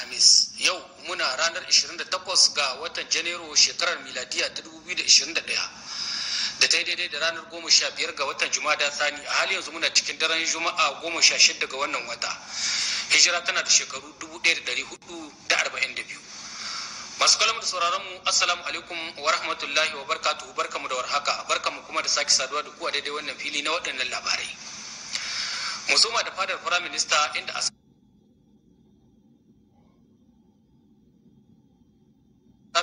alhamis yau muna ranar 28 ga watan janairu shekarar miladiya ta 2021 da ta yi daidai da ranar 15 ga watan da Sani a hali yanzu muna cikin daren juma'a 16 ga wannan wata hijira tana da shekaru 1442 masu kalam da sauraron mu assalamu alaikum wa rahmatullahi wa barkatuhu barkamu da warhaka barkamu kuma da sake saduwa da ku a daidai wannan fili na waɗannan labarai musoma da fadar firaminista inda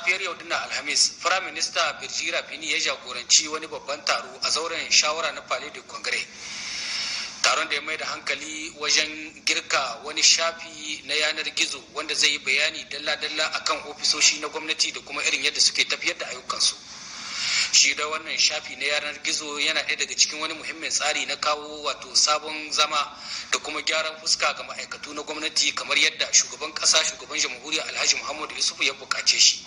safiyar yau dinnan alhamis firayim minista birjira fini ya jagoranci wani babban taro a zauren shawara na palais de congrès taron da ya mai da hankali wajen girka wani shafi na yanar gizo wanda zai yi bayani dalla-dalla akan ofisoshi na gwamnati da kuma irin yadda suke tafiyar da ayyukansu. shi da wannan shafi na yanar gizo yana ɗaya daga cikin wani muhimmin tsari na kawo wato sabon zama da kuma gyaran fuska ga ma'aikatu na gwamnati kamar yadda shugaban ƙasa shugaban jamhuriya alhaji muhammadu yusufu ya buƙace shi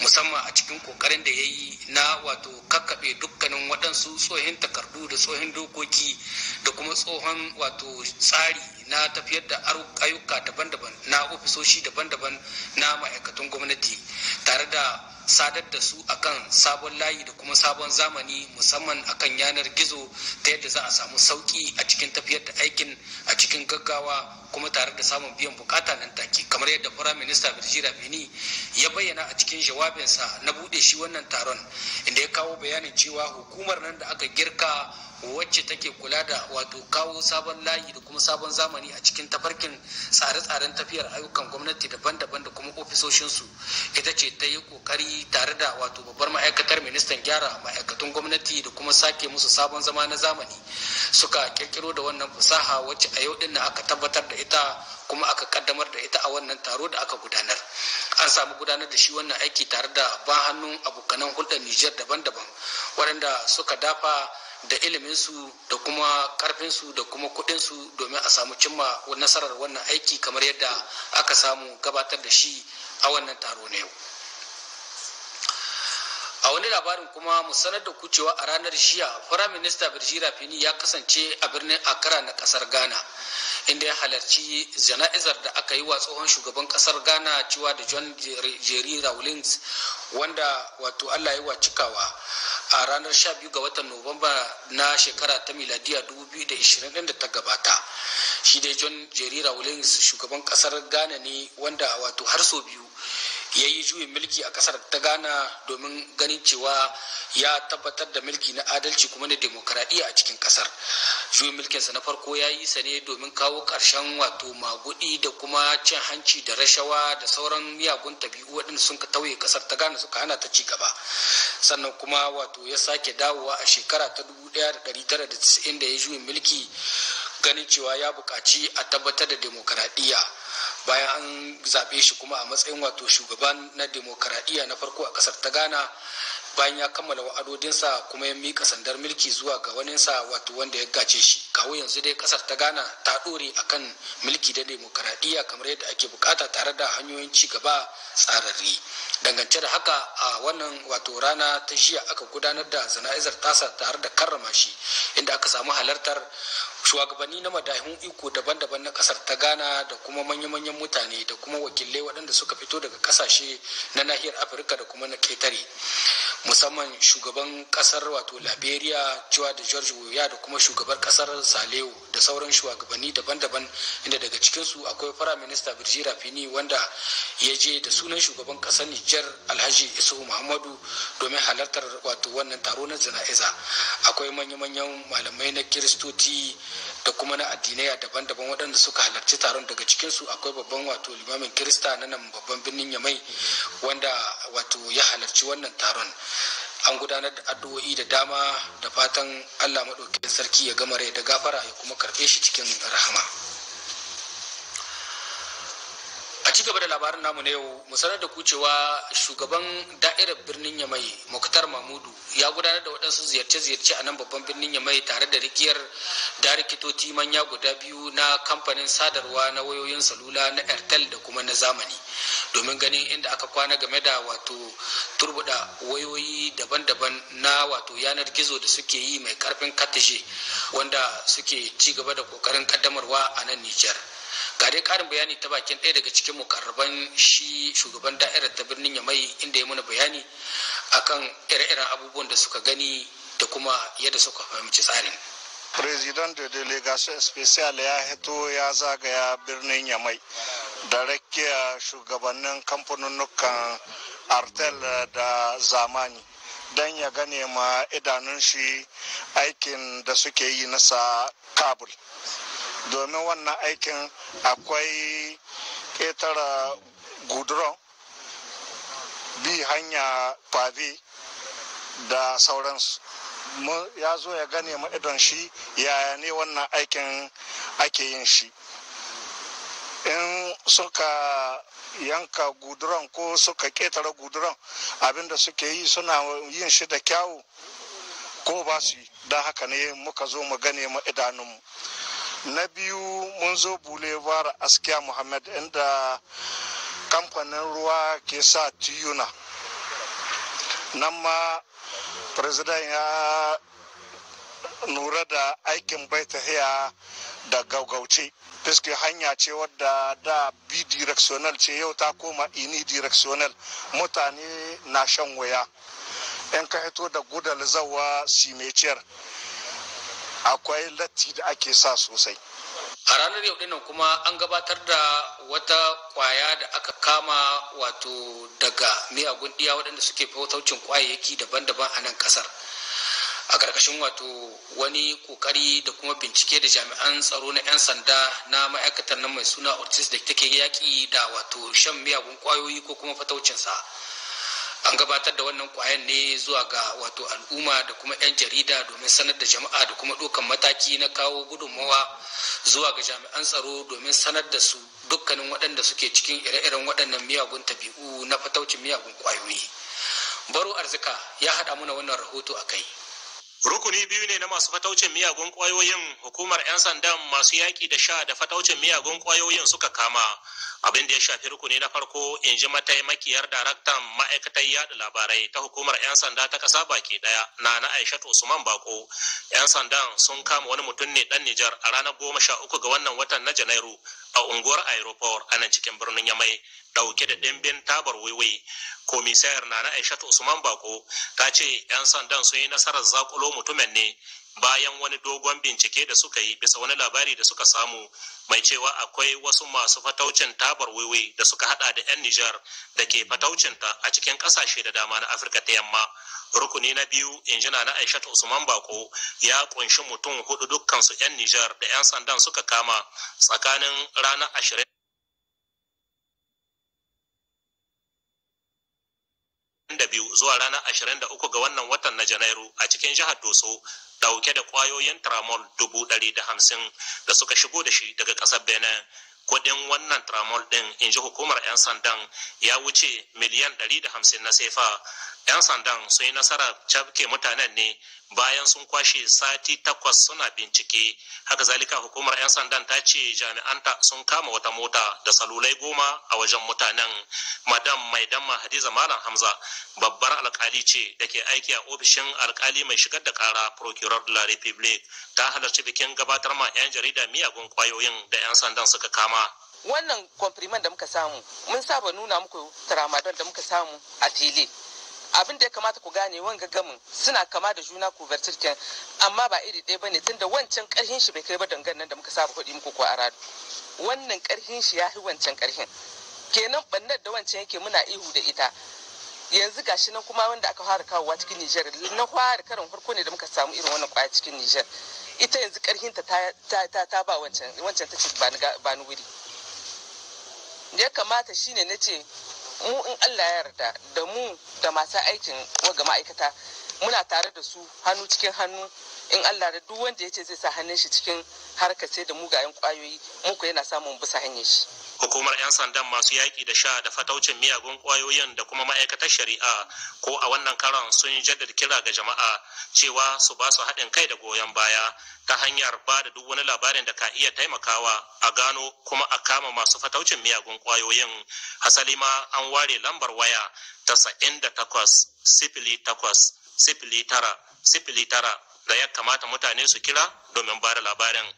musamman a cikin kokarin da ya yi na wato kakkaɓe dukkanin waɗansu tsohin takardu da tsohin dokoki da kuma tsohon wato tsari na tafiyar da ayyuka daban-daban na ofisoshi daban-daban na ma'aikatan gwamnati tare da sadar da su akan sabon layi da kuma sabon zamani musamman akan yanar gizo ta yadda za a samu sauki a cikin tafiyar da aikin a cikin gaggawa kuma tare da samun biyan bukata nan take kamar yadda firayim minista birji rabini ya bayyana a cikin jawabinsa na buɗe shi wannan taron inda ya kawo bayanin cewa hukumar nan da aka girka wacce take kula da wato kawo sabon layi da kuma sabon zamani a cikin tafarkin tsare-tsaren tafiyar ayyukan gwamnati daban-daban da kuma ofisoshinsu ita ce ta yi kokari tare da wato babbar ma'aikatar ministan gyara ma'aikatun gwamnati da kuma sake musu sabon zama na zamani suka kirkiro da wannan fasaha wacce a yau din aka tabbatar da ita kuma aka kaddamar da ita a wannan taro da aka gudanar an samu gudanar da shi wannan aiki tare da ban hannun abokanan hulɗar nijar daban-daban waɗanda suka dafa da su da kuma karfinsu da kuma kudinsu domin a samu cimma nasarar wannan aiki kamar yadda aka samu gabatar da shi a wannan taro na yau a wani labarin kuma mu sanar da kucewa a ranar jiya firayim minista birjira fini ya kasance a birnin akara na kasar ghana inda ya halarci jana'izar da aka yi wa tsohon shugaban kasar ghana cewa da john jerry rawlings wanda wato allah yi wa cikawa a ranar 12 ga watan nuwamba na shekara ta miladiya 2020 da ta gabata shi dai john jerry rawlings shugaban kasar ghana ne wanda wato har sau biyu ya yi juyin mulki a kasar ta ghana domin ganin cewa ya tabbatar da mulki na adalci kuma na demokradiyya a cikin kasar juyin mulkinsa na farko ya yi sa ne domin kawo ƙarshen wato magudi da kuma cin hanci da rashawa da sauran miyagun tabi'u waɗanda sun tauye kasar ta ghana suka hana ta ci gaba sannan kuma wato ya sake dawowa a shekara ta 1990 da ya juyin mulki ganin cewa ya buƙaci a tabbatar da demokradiyya bayan an zaɓe shi kuma a matsayin wato shugaban na demokaradiyya na farko a ƙasar ta ghana bayan ya kammala wa'adodinsa kuma ya mika sandar mulki zuwa ga waninsa wato wanda ya gace shi kawo yanzu dai ƙasar ta ghana ta ɗore a kan mulki da demokaradiyya kamar yadda ake bukata tare da hanyoyin ci gaba tsararri dangance da haka a wannan wato rana ta jiya aka gudanar da zana'izar tasa tare da karrama shi inda aka samu halartar shugabanni na madahun iko daban-daban na kasar ta ghana da kuma manya-manyan mutane da kuma wakilai waɗanda suka fito daga kasashe na nahiyar afirka da kuma na ketare musamman shugaban kasar wato liberia cewa da george woya da kuma shugabar kasar saleo da sauran shugabanni daban-daban inda daga cikinsu akwai fara minista birji rafini wanda ya je da sunan shugaban kasar nijar alhaji isuhu muhammadu domin halartar wato wannan taro na jana'iza akwai manya-manyan malamai na kiristoti da kuma na addinai daban-daban waɗanda suka halarci taron daga cikinsu akwai babban wato limamin kirista na nan babban birnin yamai wanda wato ya halarci wannan taron an gudanar da addu'o'i da dama da fatan allah maɗaukin sarki ya gama rai da gafara ya kuma karɓe shi cikin rahama gaba da labarin namu na yau mu sanar da kucewa shugaban da'irar birnin yamai muktar mamudu ya gudanar da waɗansu ziyarce-ziyarce a nan babban birnin yamai tare da rikiyar darikitoci manya guda biyu na kamfanin sadarwa na wayoyin salula na airtel da kuma na zamani domin ganin inda aka kwana game da wato turbuda wayoyi daban-daban na wato yanar gizo da suke yi mai karfin katashe wanda suke ci gaba da kokarin kaddamarwa a nan nijar ga dai karin bayani ta bakin ɗaya daga cikin mukarraban shi shugaban da'irar ta birnin yamai inda ya muna bayani akan ire-iren abubuwan da suka gani da kuma yadda suka fahimci tsarin president da delegation special ya hito ya zagaya birnin yamai da rakiya shugabannin kamfanonukan artel da zamani don ya gane ma idanun shi aikin da suke yi nasa kabul domin wannan aikin akwai ƙetara guduron bi hanya fabi da sauransu ya zo ya gane mu idon shi yaya ne wannan aikin ake yin shi in suka yanka guduran ko suka ƙetare guduran abinda suke yi suna yin shi da kyawu ko ba su yi don haka ne muka zo mu gane mu idanunmu na biyu mun zo boulevard askiya muhammad inda kamfanin ruwa ke sa tiyuna nan ma president ya nura da aikin bai da gaugauce fiske hanya ce wadda da bidirectional ce yau ta koma unidirectional mutane na shan waya in ka hito da gudal zawa simeciyar akwai latti da ake sa sosai a ranar yau dinnan kuma an gabatar da wata kwaya da aka kama wato daga miyagun diya waɗanda suke fautaucin kwayayyaki daban-daban a nan kasar a ƙarƙashin wato wani ƙoƙari da kuma bincike da jami'an tsaro na 'yan sanda na ma'aikatar nan mai suna ortiz da take yaƙi da wato shan miyagun kwayoyi ko kuma fataucinsa an gabatar da wannan kwayan ne zuwa ga wato al'umma da kuma 'yan jarida domin sanar da jama'a da kuma ɗaukan mataki na kawo gudunmawa zuwa ga jami'an tsaro domin sanar da su dukkanin waɗanda suke cikin ire-iren waɗannan miyagun tabi'u na fataucin miyagun kwayoyi baro arzika ya haɗa muna wannan rahoto a kai Rukuni biyu ne na masu fataucin miyagun kwayoyin hukumar 'yan sandan masu yaƙi da sha da fataucin miyagun kwayoyin suka kama. Abin da ya shafi rukuni na farko in ji mataimakiyar daraktan ma'aikatar yada labarai ta hukumar 'yan sanda ta ƙasa baki ɗaya na na Aishatu Usman Bako. 'Yan sandan sun kama wani mutum ne ɗan Nijar a ranar goma sha uku ga wannan watan na Janairu a unguwar aeroport a nan cikin birnin yamai dauke da dimbin tabar wiwi komisayar na na aishatu usman bako ta ce 'yan sandan sun yi nasarar zakulo mutumin ne bayan wani dogon bincike da suka yi bisa wani labari da suka samu mai cewa akwai wasu masu fataucin tabar wiwi da suka hada da 'yan nijar da ke fataucinta a cikin kasashe da dama na afirka ta yamma rukuni na biyu injina na ta usman bako ya kunshi mutum hudu dukkansu 'yan nijar da 'yan sandan suka kama tsakanin ranar ashirin zuwa ranar ashirin ga wannan watan na janairu a cikin jihar doso dauke da kwayoyin tramol dubu da suka shigo da shi daga ƙasar benin kudin wannan tramol ɗin in ji hukumar 'yan sandan ya wuce miliyan ɗari na sefa 'yan sandan sun yi nasara cafke mutanen ne bayan sun kwashe sati takwas suna bincike haka zalika hukumar 'yan sandan ta ce jami'anta sun kama wata mota da salulai goma a wajen mutanen madam mai damma hadiza malam hamza babbar alkali ce da ke aiki a ofishin alkali mai shigar da kara procurer de la republique ta halarci bikin gabatar ma 'yan jarida miyagun kwayoyin da 'yan sandan suka kama wannan kwamfiriman da muka samu mun saba nuna muku tramadol da muka samu a fili abin da ya kamata ku gane wanga gamin suna kama da juna ku vertical amma ba iri ɗaya bane tunda wancan karhin shi bai kai ba dangan da muka saba kuɗi muku ko a wannan karhin shi ya fi wancan karhin kenan bannar da wancan yake muna ihu da ita yanzu gashi nan kuma wanda aka fara kawowa cikin Nijar na fara karin farko ne da muka samu irin wannan kwaya cikin Nijar ita yanzu karhin ta ta ba wancan wancan ta ce ba ni wuri ya kamata shine nace mu in Allah ya yarda da mu da masu aikin waga ma'aikata muna tare da su hannu cikin hannu in Allah da duk wanda ya ce zai sa hannun shi cikin harkar sai da mugayen kwayoyi muku yana samun bisa hanyar shi hukumar 'yan sandan masu yaƙi da sha da fataucin miyagun ƙwayoyin da kuma ma'aikatar shari'a ko a wannan karon sun yi jaddada kira ga jama'a cewa su ba su haɗin kai da goyon baya ta hanyar ba da duk wani labarin da ka iya taimakawa a gano kuma a kama masu fataucin miyagun ƙwayoyin hasali ma an ware lambar waya sa'in da takwas sifili takwas sifili tara sifili tara da ya kamata mutane su kira domin ba da labarin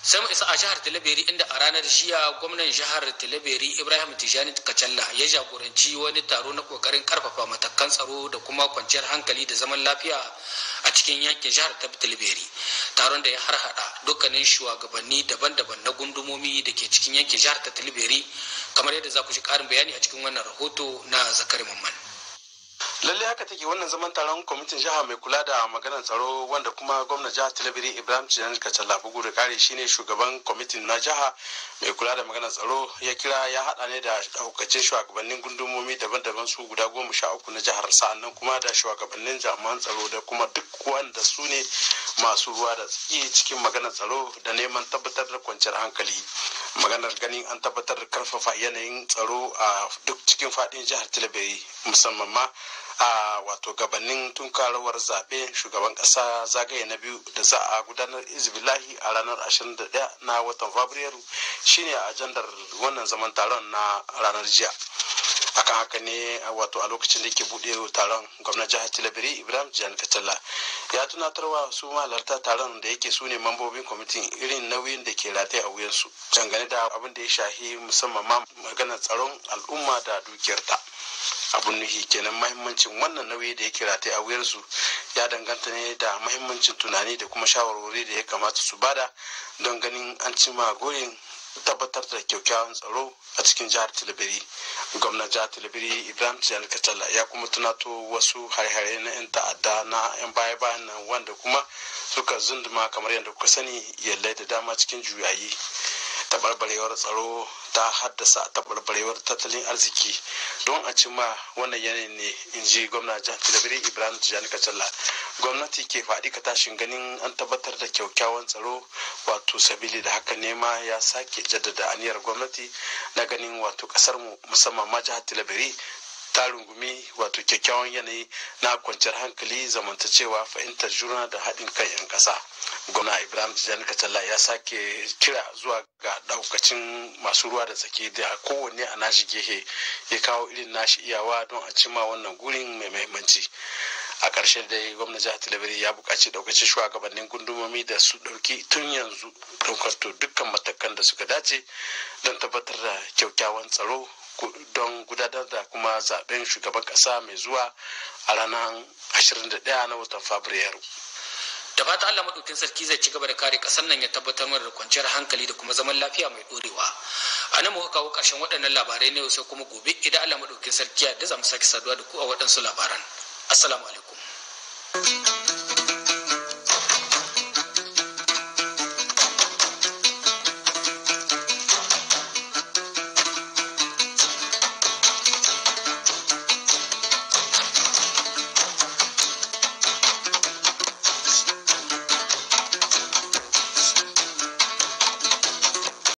sai mu isa a jihar talabiri inda a ranar jiya gwamnan jihar talabiri ibrahim tijani kacalla ya jagoranci wani taro na kokarin karfafa matakan tsaro da kuma kwanciyar hankali da zaman lafiya a cikin yankin jihar ta talabiri taron da ya harhaɗa dukkanin shugabanni daban-daban na gundumomi da ke cikin yankin jihar ta talabiri kamar yadda za ku ji karin bayani a cikin wannan rahoto na zakari mamman lalle haka take wannan zaman taron kwamitin jiha mai kula da maganar tsaro wanda kuma gwamnan jihar talabiri ibrahim tijan kacalla bugu da kare shine shugaban kwamitin na jiha mai kula da maganar tsaro ya kira ya hada ne da daukacin shugabannin gundumomi daban-daban su guda goma sha uku na jihar sa'annan kuma da shugabannin jami'an tsaro da kuma duk wanda su ne masu ruwa da tsaki cikin maganar tsaro da neman tabbatar da kwanciyar hankali maganar ganin an tabbatar da karfafa yanayin tsaro a duk cikin fadin jihar talabiri musamman ma a wato gabanin tunkarawar zaɓe shugaban ƙasa zagaye na biyu da za a gudanar izbilahi a ranar 21 na watan fabrairu shine a ajandar wannan zaman taron na ranar jiya akan haka ne wato a lokacin da ke buɗe taron gwamnan jihar tilabiri ibrahim jihar fitila ya tunatarwa su malarta taron da yake su ne mambobin kwamitin irin nauyin da ke rataye a wuyansu dangane da abin da ya shahi musamman ma maganar tsaron al'umma da dukiyarta abun nuhi kenan mahimmancin wannan nauyi da yake rataye a wuyarsu ya danganta ne da mahimmancin tunani da kuma shawarwari da ya kamata su bada don ganin an cima gurin tabbatar da kyakkyawan tsaro a cikin jihar tilbiri gwamnan jihar tilibiri ibrahim tijjani katsala ya kuma tunato wasu hare-hare na 'yan ta'adda na 'yan baya-bayan nan wanda kuma suka zunduma kamar yadda kuka sani yallai da dama cikin juyayi taɓarɓarewar tsaro ta haddasa taɓarɓarewar tattalin arziki don a cima wannan yanayin ne in ji gwamna Tilabiri ibrahim tijjani kacalla gwamnati ke faɗi ka tashin ganin an tabbatar da kyaukyawan tsaro wato sabili da haka nema ya sake jaddada aniyar gwamnati na ganin wato ƙasarmu mu musamman ma jihar Tilabiri. ta rungumi wato kyakkyawan yanayi na kwanciyar hankali zamantacewa fahimtar juna da haɗin kan 'yan ƙasa gwamna ibrahim tijjani katalla ya sake kira zuwa ga ɗaukacin masu ruwa da tsaki da kowanne a nashi gehe ya kawo irin nashi iyawa don a cima wannan gurin mai mahimmanci. a ƙarshe dai gwamna jihar talabari ya buƙaci ɗaukacin shugabannin gundumomi da su ɗauki tun yanzu ɗaukar dukkan matakan da suka dace don tabbatar da kyakkyawan tsaro don gudanar da kuma zaben shugaban kasa mai zuwa a ranar 21 na watan fabrairu da fata Allah madaukin sarki zai ci gaba da kare kasar nan ya tabbatar mana da kwanciyar hankali da kuma zaman lafiya mai ɗorewa, a nan muka kawo ƙarshen waɗannan labarai ne sai kuma gobe idan Allah madaukin sarki ya da zamu mu sake saduwa da ku a waɗansu labaran assalamu alaikum